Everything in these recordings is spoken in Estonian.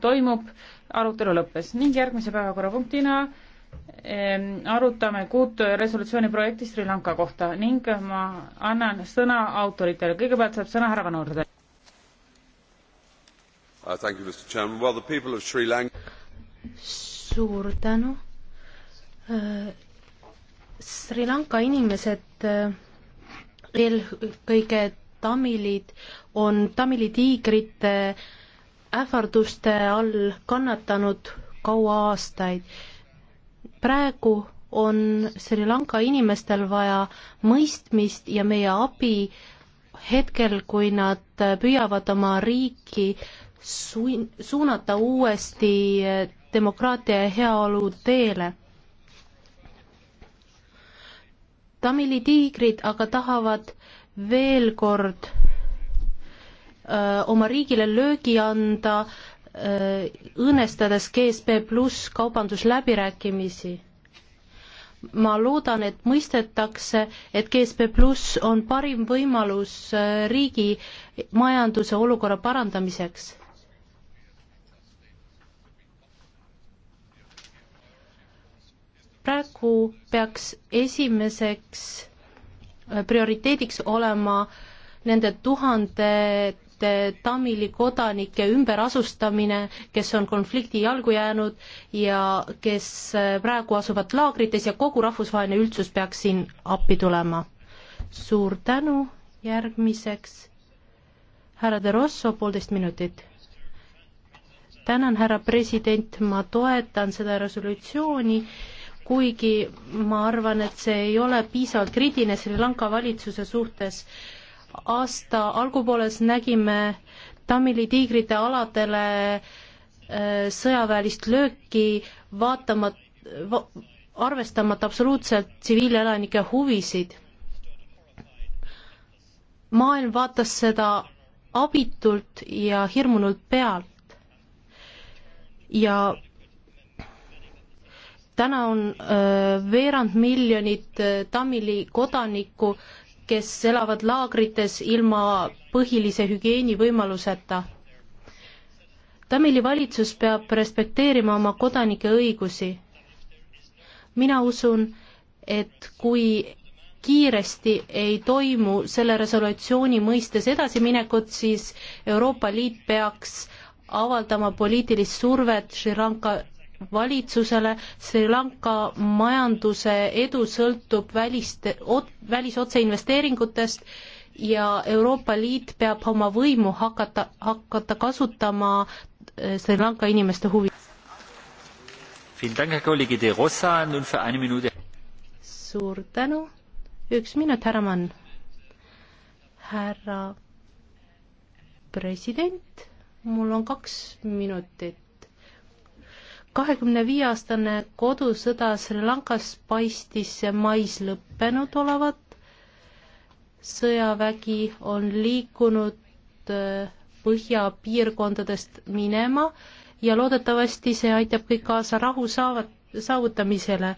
toimub, arutelu lõppes ning järgmise päevakorrapunktina ehm, arutame kuut resolutsiooni projekti Sri Lanka kohta ning ma annan sõna autoritele, kõigepealt saab sõna härra Vanurde. Uh, suur tänu. Uh, Sri Lanka inimesed, uh, eelkõige tamilid, on tamili tiigrite äh, ähvarduste all kannatanud kaua aastaid. praegu on Sri Lanka inimestel vaja mõistmist ja meie abi hetkel, kui nad püüavad oma riiki suin-, suunata uuesti demokraatia ja heaolu teele. Tamili tiigrid aga tahavad veel kord Äh, oma riigile löögi anda, äh, õõnestades GSP pluss kaubandusläbirääkimisi. ma loodan, et mõistetakse, et GSP pluss on parim võimalus äh, riigi majanduse olukorra parandamiseks. praegu peaks esimeseks prioriteediks olema nende tuhande tuhandete Tamili kodanike ümberasustamine, kes on konflikti jalgu jäänud ja kes praegu asuvad laagrites ja kogu rahvusvaheline üldsus peaks siin appi tulema. suur tänu, järgmiseks härra De Rosso, poolteist minutit. tänan, härra president, ma toetan seda resolutsiooni kuigi ma arvan, et see ei ole piisavalt kriitiline Sri Lanka valitsuse suhtes aasta algupooles nägime Tamili tiigrite aladele äh, sõjaväelist lööki vaatamat- va,, arvestamata absoluutselt tsiviilelanike huvisid. maailm vaatas seda abitult ja hirmunult pealt. ja täna on öö, äh, veerand miljonit äh, Tamili kodanikku kes elavad laagrites ilma põhilise hügieenivõimaluseta. Tamili valitsus peab respekteerima oma kodanike õigusi. mina usun, et kui kiiresti ei toimu selle resolutsiooni mõistes edasiminekut, siis Euroopa Liit peaks avaldama poliitilist survet Sri Lanka valitsusele, Sri Lanka majanduse edu sõltub välist, välisotseinvesteeringutest ja Euroopa Liit peab oma võimu hakata, hakata kasutama äh, Sri Lanka inimeste huvi. suur tänu, üks minut, härra Mann. härra president, mul on kaks minutit kahekümne viie aastane kodusõda Sri Lankas paistis mais lõppenud olevat. sõjavägi on liikunud äh, põhjapiirkondadest minema ja loodetavasti see aitab kõik kaasa rahu saavat-, saavutamisele.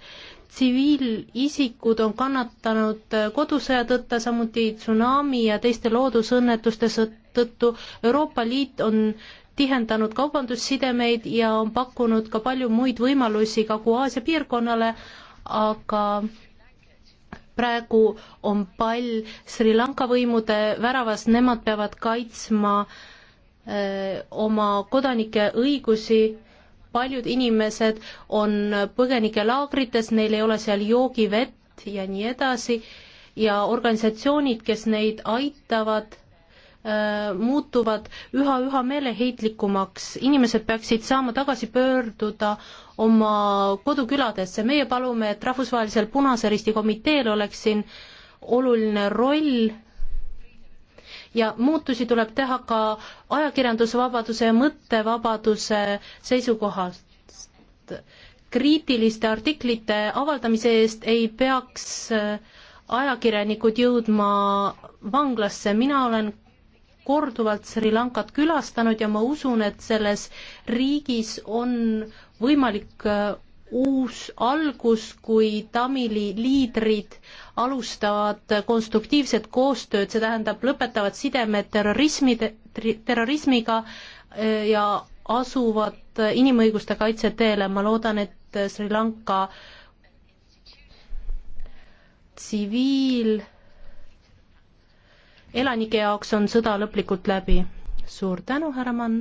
tsiviilisikud on kannatanud äh, kodusõja tõttu, samuti tsunami ja teiste loodusõnnetuste tõttu. Euroopa Liit on tihendanud kaubandussidemeid ja on pakkunud ka palju muid võimalusi Kagu-Aasia piirkonnale, aga praegu on pall Sri Lanka võimude väravas, nemad peavad kaitsma öö, oma kodanike õigusi, paljud inimesed on põgenikelaagrites, neil ei ole seal joogivett ja nii edasi, ja organisatsioonid, kes neid aitavad Äh, muutuvad üha-üha meeleheitlikumaks, inimesed peaksid saama tagasi pöörduda oma koduküladesse, meie palume, et Rahvusvahelisel Punase Risti Komiteel oleks siin oluline roll ja muutusi tuleb teha ka ajakirjandusvabaduse ja mõttevabaduse seisukohast. kriitiliste artiklite avaldamise eest ei peaks äh, ajakirjanikud jõudma vanglasse, mina olen korduvalt Sri Lankat külastanud ja ma usun, et selles riigis on võimalik äh, uus algus, kui Tamili liidrid alustavad konstruktiivset koostööd, see tähendab, lõpetavad sidemed terrorismi, terrorismiga äh, ja asuvad äh, inimõiguste kaitse teele, ma loodan, et Sri Lanka tsiviil- elanike jaoks on sõda lõplikult läbi. suur tänu, härra Mann.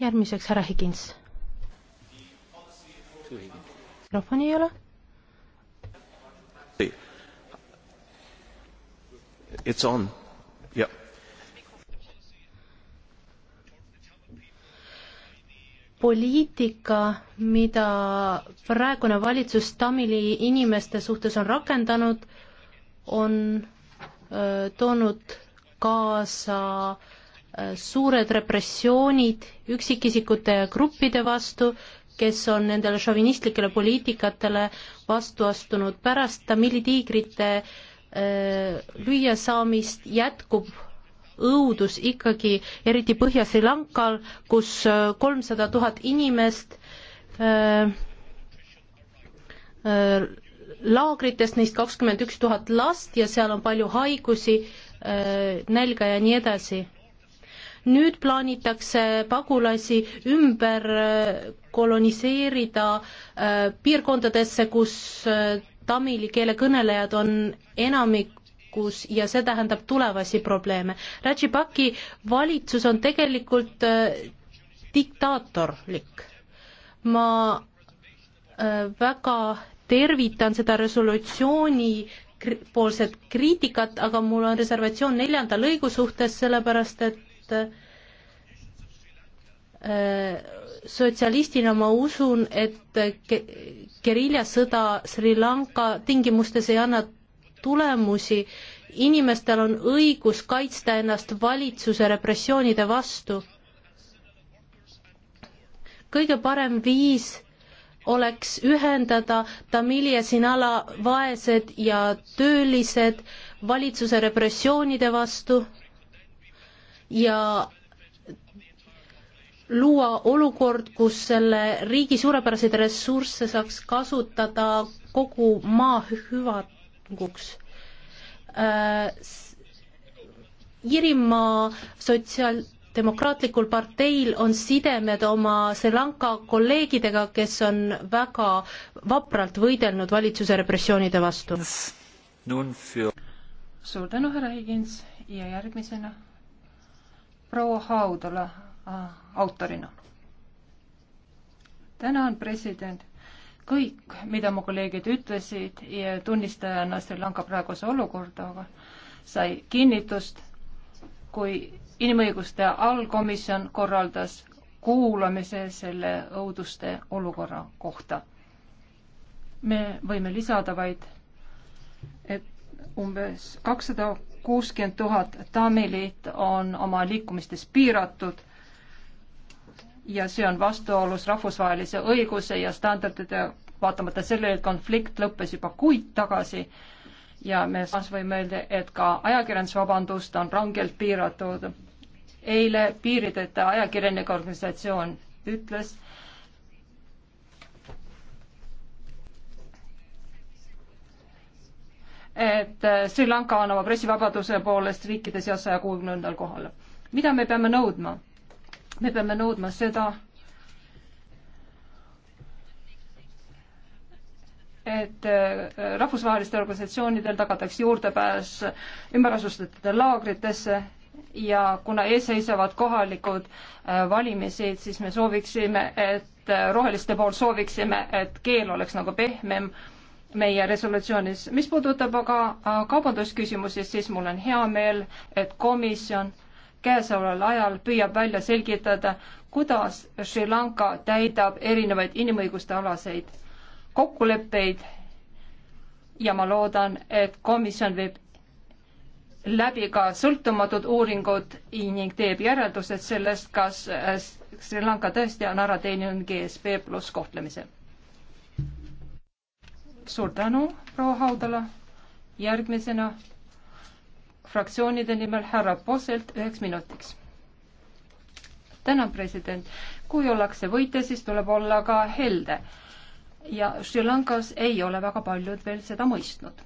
järgmiseks härra Higins. mikrofoni ei ole. It's on. Yeah. poliitika, mida praegune valitsus Tamili inimeste suhtes on rakendanud, on toonud kaasa suured repressioonid üksikisikute ja gruppide vastu, kes on nendele šovinistlikele poliitikatele vastu astunud. pärast Tamili tiigrite lüüasaamist jätkub õudus ikkagi, eriti Põhja-Sri Lankal, kus kolmsada tuhat inimest öö, öö, laagritest neist kakskümmend üks tuhat last ja seal on palju haigusi, äh, nälga ja nii edasi. nüüd plaanitakse pagulasi ümber äh, koloniseerida äh, piirkondadesse, kus tamiili keele kõnelejad on enamikus ja see tähendab tulevasi probleeme. Rajapaki valitsus on tegelikult diktaatorlik. ma väga tervitan seda resolutsiooni poolset kriitikat, aga mul on reservatsioon neljanda lõigu suhtes, sellepärast et äh, sotsialistina ma usun, et geriljasõda Sri Lanka tingimustes ei anna tulemusi, inimestel on õigus kaitsta ennast valitsuse repressioonide vastu. kõige parem viis oleks ühendada Tamili ja Sinala vaesed ja töölised valitsuse repressioonide vastu ja luua olukord, kus selle riigi suurepäraseid ressursse saaks kasutada kogu maa hüvanguks äh,. Iirimaa sotsiaal- demokraatlikul parteil on sidemed oma Sri Lanka kolleegidega, kes on väga vapralt võidelnud valitsuse repressioonide vastu. suur tänu, härra Higins ja järgmisena proua Haudala äh, autorina. tänan, president kõik, mida mu kolleegid ütlesid ja tunnistajana Sri Lanka praeguse olukorda sai kinnitust, kui inimõiguste allkomisjon korraldas kuulamise selle õuduste olukorra kohta. me võime lisada vaid, et umbes kakssada kuuskümmend tuhat tamilit on oma liikumistes piiratud ja see on vastuolus rahvusvahelise õiguse ja standardite, vaatamata sellele, et konflikt lõppes juba kuid tagasi ja me samas võime öelda, et ka ajakirjandusvabandust on rangelt piiratud eile piirideta ajakirjanike organisatsioon ütles, et Sri Lanka on oma pressivabaduse poolest riikide seas saja kuuekümnendal kohal. mida me peame nõudma? me peame nõudma seda, et äh, rahvusvahelistel organisatsioonidel tagatakse juurdepääs ümberasustatud laagritesse ja kuna ees seisavad kohalikud äh, valimised, siis me sooviksime, et äh, roheliste pool sooviksime, et keel oleks nagu pehmem meie resolutsioonis. mis puudutab aga äh, kaubandusküsimusi, siis mul on hea meel, et komisjon käesoleval ajal püüab välja selgitada, kuidas Sri Lanka täidab erinevaid inimõiguste alaseid kokkuleppeid ja ma loodan, et komisjon viib läbi ka sõltumatud uuringud ning teeb järeldused sellest, kas äh, Sri Lanka tõesti on ära teeninud GSP pluss kohtlemise. suur tänu, proua Haudala. järgmisena fraktsioonide nimel härra Poselt üheks minutiks. tänan, president. kui ollakse võitja, siis tuleb olla ka helde. ja Sri Lankas ei ole väga paljud veel seda mõistnud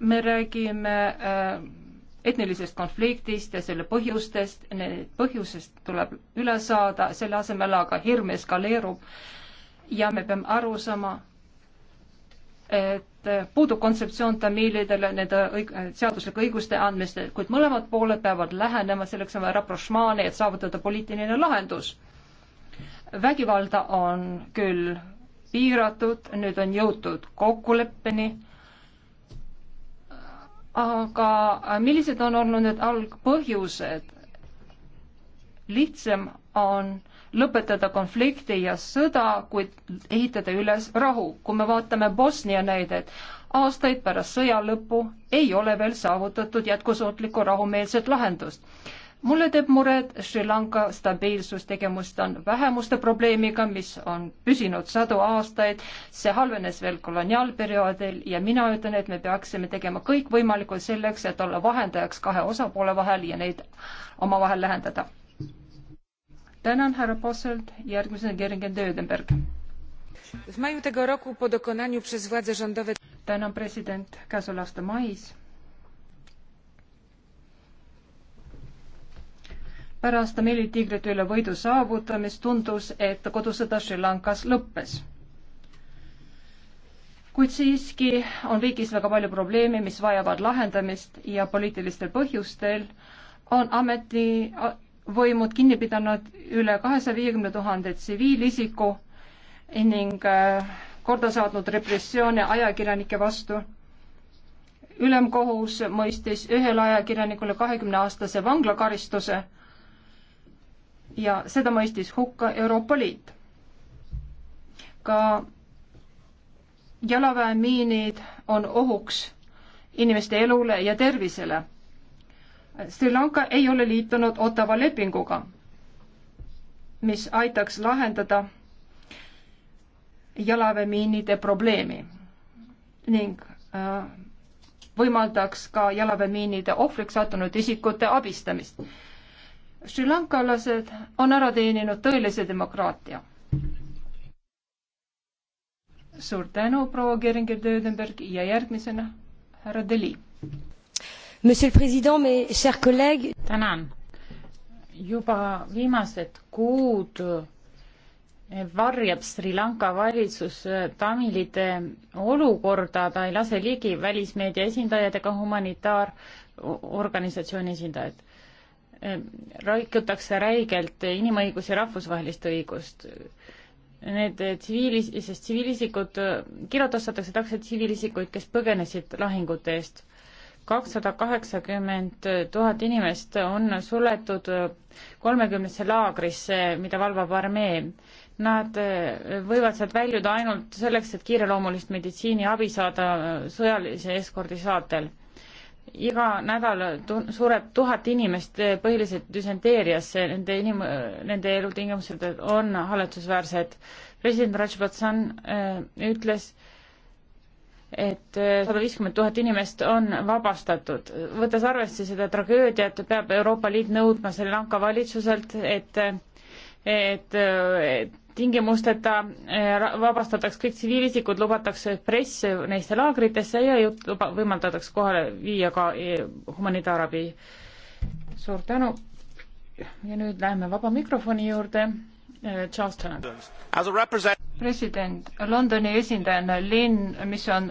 me räägime äh, etnilisest konfliktist ja selle põhjustest, need põhjusest tuleb üle saada, selle asemel aga hirm eskaleerub ja me peame aru saama, et äh, puudub kontseptsioon tamiilidele nende õig seaduslike õiguste andmist, kuid mõlemad pooled peavad lähenema, selleks on vaja rapprošmaani, et saavutada poliitiline lahendus. vägivalda on küll piiratud, nüüd on jõutud kokkuleppeni aga äh, millised on olnud need algpõhjused? lihtsam on lõpetada konflikti ja sõda, kuid ehitada üles rahu. kui me vaatame Bosnia näidet, aastaid pärast sõja lõppu ei ole veel saavutatud jätkusuutlikku rahumeelset lahendust mulle teeb muret Sri Lanka stabiilsus, tegemist on vähemuste probleemiga, mis on püsinud sadu aastaid, see halvenes veel koloniaalperioodil ja mina ütlen, et me peaksime tegema kõik võimalikku selleks, et olla vahendajaks kahe osapoole vahel ja neid omavahel lähendada. tänan, härra Posselt, järgmisena Geringen Töödenberg. tänan, president, käesoleva aasta mais pärast Tamili tiigrite üle võidu saavutamist tundus, et kodusõda Sri Lankas lõppes. kuid siiski on riigis väga palju probleeme, mis vajavad lahendamist ja poliitilistel põhjustel on ametivõimud kinni pidanud üle kahesaja viiekümne tuhande tsiviilisiku ning äh, korda saatnud repressioone ajakirjanike vastu. ülemkohus mõistis ühele ajakirjanikule kahekümne aastase vanglakaristuse ja seda mõistis hukka Euroopa Liit. ka jalaväemiinid on ohuks inimeste elule ja tervisele. Sri Lanka ei ole liitunud Ottawa lepinguga, mis aitaks lahendada jalaväemiinide probleemi ning äh, võimaldaks ka jalaväemiinide ohvriks sattunud isikute abistamist Sri Lankalased on ära teeninud tõelise demokraatia. suur tänu, proua Geringer-Dödenberg ja järgmisena härra Deli. Monsieur le Président, mes chers collègues. tänan. juba viimased kuud varjab Sri Lanka valitsus tamilide olukorda, ta ei lase ligi välismeedia esindajad ega humanitaarorganisatsiooni esindajad Ehm, raikutakse räigelt inimõigusi, rahvusvahelist õigust. Need eh, tsiviilis-, sest tsiviilisikud, eh, kirjutatakse takse tsiviilisikuid, kes põgenesid lahingute eest. kakssada kaheksakümmend tuhat inimest on suletud eh, kolmekümnesse laagrisse, mida valvab armee. Nad võivad sealt väljuda ainult selleks, et kiireloomulist meditsiiniabi saada sõjalise eskordi saatel iga nädal tu-, sureb tuhat inimest eh, põhiliselt düsenteeriasse, nende inim-, nende elutingimused on haletsusväärsed. president Rajbatsan äh, eh, ütles, et eh, sada viiskümmend tuhat inimest on vabastatud. võttes arvesse seda tragöödiat, peab Euroopa Liit nõudma Sri Lanka valitsuselt, et et, et tingimusteta eh, vabastataks kõik tsiviilisikud, lubatakse press neisse laagritesse ja luba, võimaldatakse kohale viia ka eh, humanitaarabi. suur tänu. ja nüüd läheme vaba mikrofoni juurde. Eh, Charles Tennant. president, Londoni esindajana linn, mis on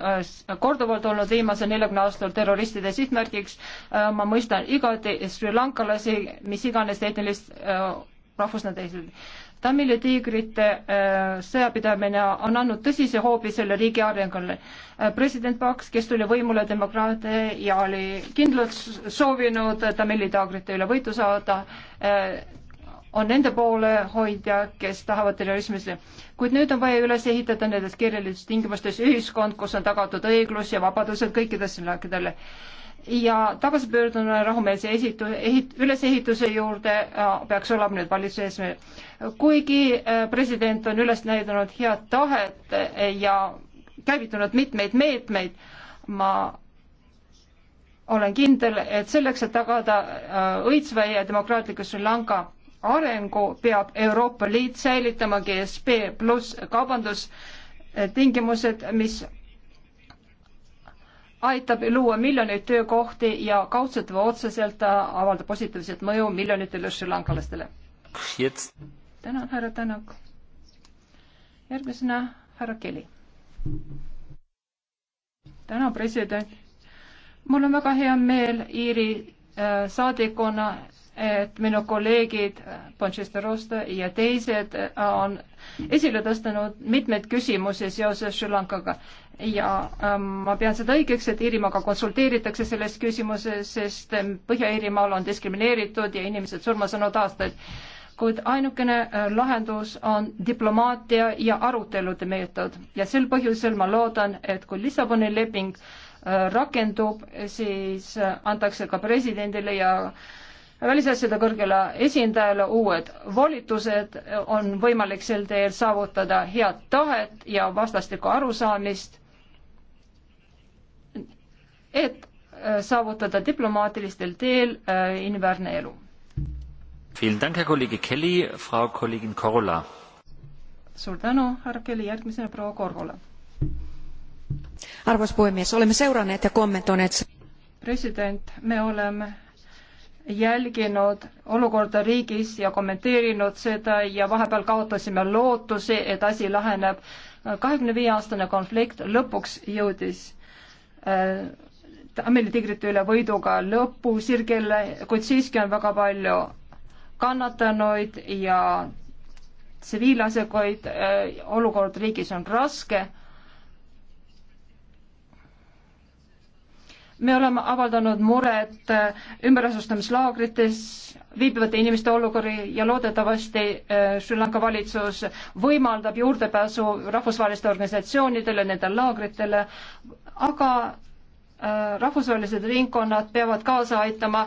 korduvalt olnud viimase neljakümne aastal terroristide sihtmärgiks, ma mõistan igati sri lankalasi, mis iganes etnilist rahvust nad esindavad Tamili tiigrite äh, sõjapidamine on andnud tõsise hoobi selle riigi arengule. Äh, president Paks, kes tuli võimule demokraatia ja oli kindlalt soovinud Tamili tiigrite üle võitu saada, äh, on nende poole hoidja, kes tahavad terrorismisse. kuid nüüd on vaja üles ehitada nendes kirjalikus tingimustes ühiskond, kus on tagatud õiglus ja vabadused kõikidele ja tagasipöördumine rahumeelse esitu-, ehit-, ülesehituse juurde äh, peaks olema nüüd valitsuse eesmärk. kuigi äh, president on üles näidanud head tahet äh, ja käivitunud mitmeid meetmeid, ma olen kindel, et selleks, et tagada õitsva ja demokraatliku Sri Lanka arengu, peab Euroopa Liit säilitama GSP pluss kaubandustingimused, mis aitab luua miljoneid töökohti ja kaudselt või otseselt äh, avaldab positiivset mõju miljonitele Sri Lankalastele. tänan, härra Tänak. järgmisena härra Kelly. tänan, president. mul on väga hea meel Iiri äh, saadikuna et minu kolleegid Ponchesterosta äh, ja teised äh, on esile tõstanud mitmeid küsimusi seoses Sri Lankaga ja ähm, ma pean seda õigeks, et Iirimaaga konsulteeritakse selles küsimuses, sest ähm, Põhja-Iirimaal on diskrimineeritud ja inimesed surma saanud aastaid. kuid ainukene äh, lahendus on diplomaatia ja arutelude meetod ja sel põhjusel ma loodan, et kui Lissaboni leping rakendub, siis antakse ka presidendile ja äh, välisasjade kõrgele esindajale uued volitused, on võimalik sel teel saavutada head tahet ja vastastikku arusaamist, et äh, saavutada diplomaatilistel teel äh, inimväärne elu. suur tänu, härra Kelly, järgmisena proua Korhola. arvas puhemees, oleme seuranud ja kommentoinud. president, me oleme jälginud olukorda riigis ja kommenteerinud seda ja vahepeal kaotasime lootuse, et asi laheneb. kahekümne viie aastane konflikt lõpuks jõudis äh, Tamili tigrite üle võiduga lõpusirgele, kuid siiski on väga palju kannatanuid ja tsiviilasjakoid äh,, olukord riigis on raske me oleme avaldanud muret äh, ümberasustamislaagrites viibivate inimeste olukorri ja loodetavasti äh, Sri Lanka valitsus võimaldab juurdepääsu rahvusvaheliste organisatsioonidele, nendele laagritele, aga äh, rahvusvahelised ringkonnad peavad kaasa aitama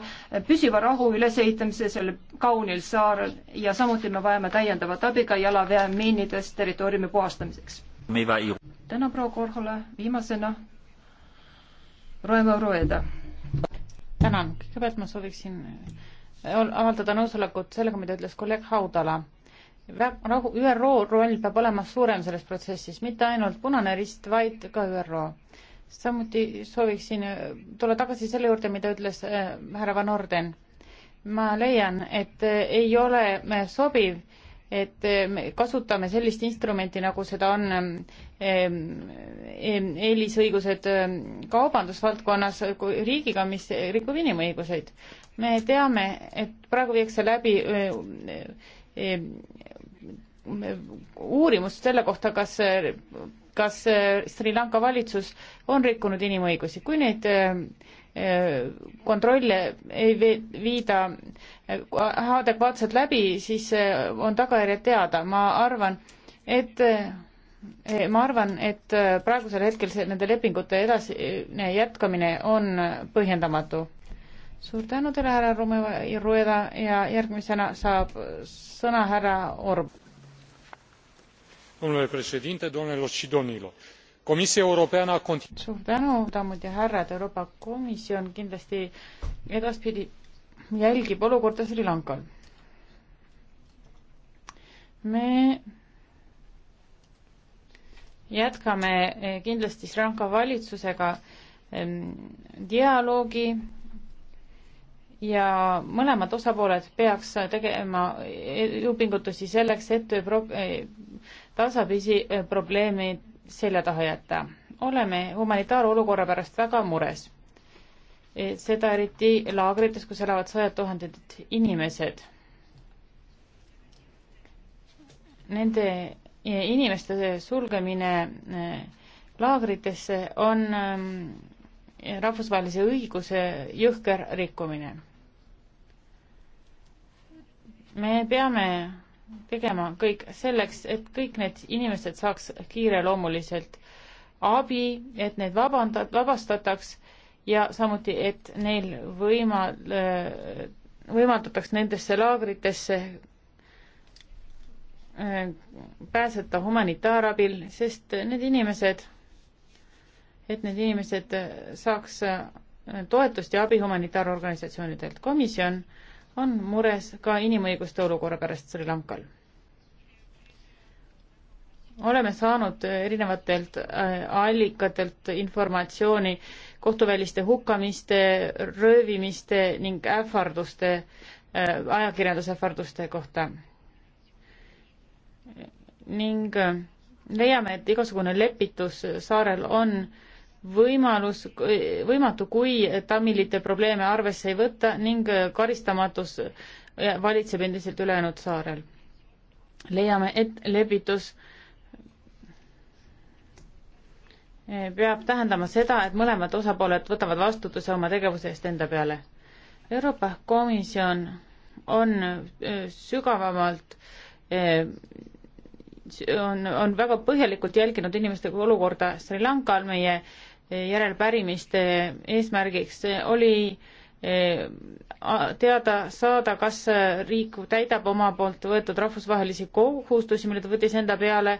püsiva rahu ülesehitamise sellel kaunil saarel ja samuti me vajame täiendavat abi ka jalaväemiinidest territooriumi puhastamiseks. tänan proua Korhola, viimasena Roema Rueda. tänan, kõigepealt ma sooviksin äh, avaldada nõusolekut sellega, mida ütles kolleeg Haudala. Nagu ÜRO roll peab olema suurem selles protsessis, mitte ainult Punane Rist, vaid ka ÜRO. samuti sooviksin äh, tulla tagasi selle juurde, mida ütles äh, härra Van Orden. ma leian, et ei ole sobiv et me kasutame sellist instrumenti, nagu seda on ähm, ähm, ähm, eelisõigused kaubandusvaldkonnas riigiga, mis rikub inimõiguseid. me teame, et praegu viiakse läbi äh, äh, äh, uurimust selle kohta, kas kas Sri Lanka valitsus on rikkunud inimõigusi, kui neid kontrolle ei viida adekvaatselt läbi, siis on tagajärjed teada. ma arvan, et ma arvan, et praegusel hetkel see nende lepingute edasine jätkamine on põhjendamatu. suur tänu teile, härra Rumeva ja järgmisena saab sõna härra Orb. domnule președinte, domnilor și domnilor Komisjon Europeana kont-. suur tänu, daamid ja härrad, Euroopa Komisjon kindlasti edaspidi jälgib olukorda Sri Lankal. me jätkame eh, kindlasti Sri Lanka valitsusega dialoogi ja mõlemad osapooled peaks tegema jõupingutusi selleks, et eh, tasapisi eh, probleemid selja taha jätta. oleme humanitaarolukorra pärast väga mures. E, seda eriti laagrites, kus elavad sajad tuhanded inimesed. Nende e, inimeste sulgemine e, laagritesse on ähm, rahvusvahelise õiguse jõhker rikkumine. me peame tegema kõik selleks, et kõik need inimesed saaks kiireloomuliselt abi, et need vabanda-, vabastataks ja samuti, et neil võima-, äh, võimaldataks nendesse laagritesse äh, pääseta humanitaarabil, sest need inimesed, et need inimesed saaks äh, toetust ja abi humanitaarorganisatsioonidelt. komisjon äh, on mures ka inimõiguste olukorra pärast Sri Lankal. oleme saanud erinevatelt äh, allikatelt informatsiooni kohtuväliste hukkamiste, röövimiste ning ähvarduste, äh, ajakirjandusähvarduste kohta. ning äh, leiame, et igasugune lepitus saarel on äh, võimalus, võimatu, kui tamilite probleeme arvesse ei võta ning karistamatus valitseb endiselt ülejäänud saarel. leiame, et lepitus peab tähendama seda, et mõlemad osapooled võtavad vastutuse oma tegevuse eest enda peale. Euroopa Komisjon on eh, sügavamalt eh, on, on väga põhjalikult jälginud inimeste olukorda Sri Lankal, meie järelpärimiste eesmärgiks oli eh, teada saada, kas riik täidab oma poolt võetud rahvusvahelisi kohustusi, mille ta võttis enda peale,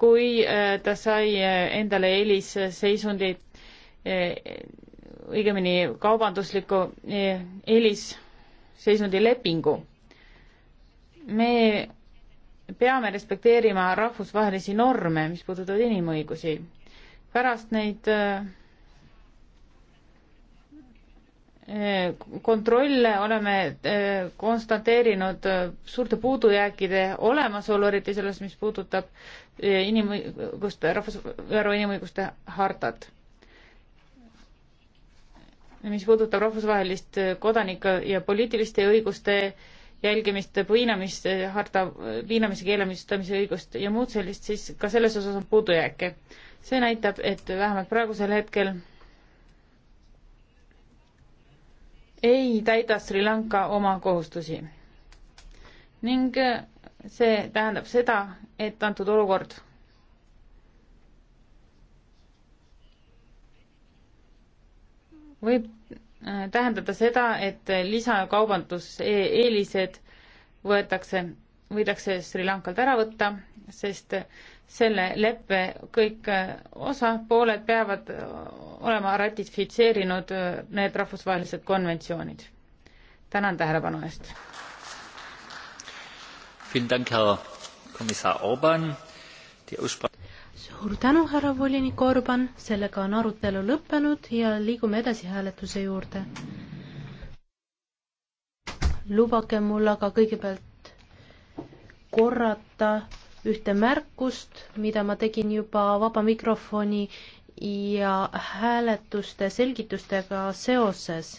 kui eh, ta sai eh, endale eelisseisundi, õigemini kaubandusliku eelisseisundi lepingu. me peame respekteerima rahvusvahelisi norme, mis puudutavad inimõigusi. pärast neid äh, eh, kontrolle oleme eh, konstateerinud eh, suurte puudujääkide olemasolu, eriti selles, mis puudutab inimõiguste, rahvusvääru inimõiguste hartat. mis puudutab rahvusvahelist kodanike ja poliitiliste õiguste jälgimist, piinamist, harta, piinamise keelamistamise õigust ja muud sellist, siis ka selles osas on puudujääke. see näitab, et vähemalt praegusel hetkel ei täida Sri Lanka oma kohustusi. ning see tähendab seda, et antud olukord võib tähendada seda, et lisakaubanduseelised võetakse, võidakse Sri Lankalt ära võtta, sest selle leppe kõik osapooled peavad olema ratifitseerinud need rahvusvahelised konventsioonid. tänan tähelepanu eest suur tänu, härra volinik Orban, sellega on arutelu lõppenud ja liigume edasi hääletuse juurde. lubage mul aga kõigepealt korrata ühte märkust, mida ma tegin juba vaba mikrofoni ja hääletuste selgitustega seoses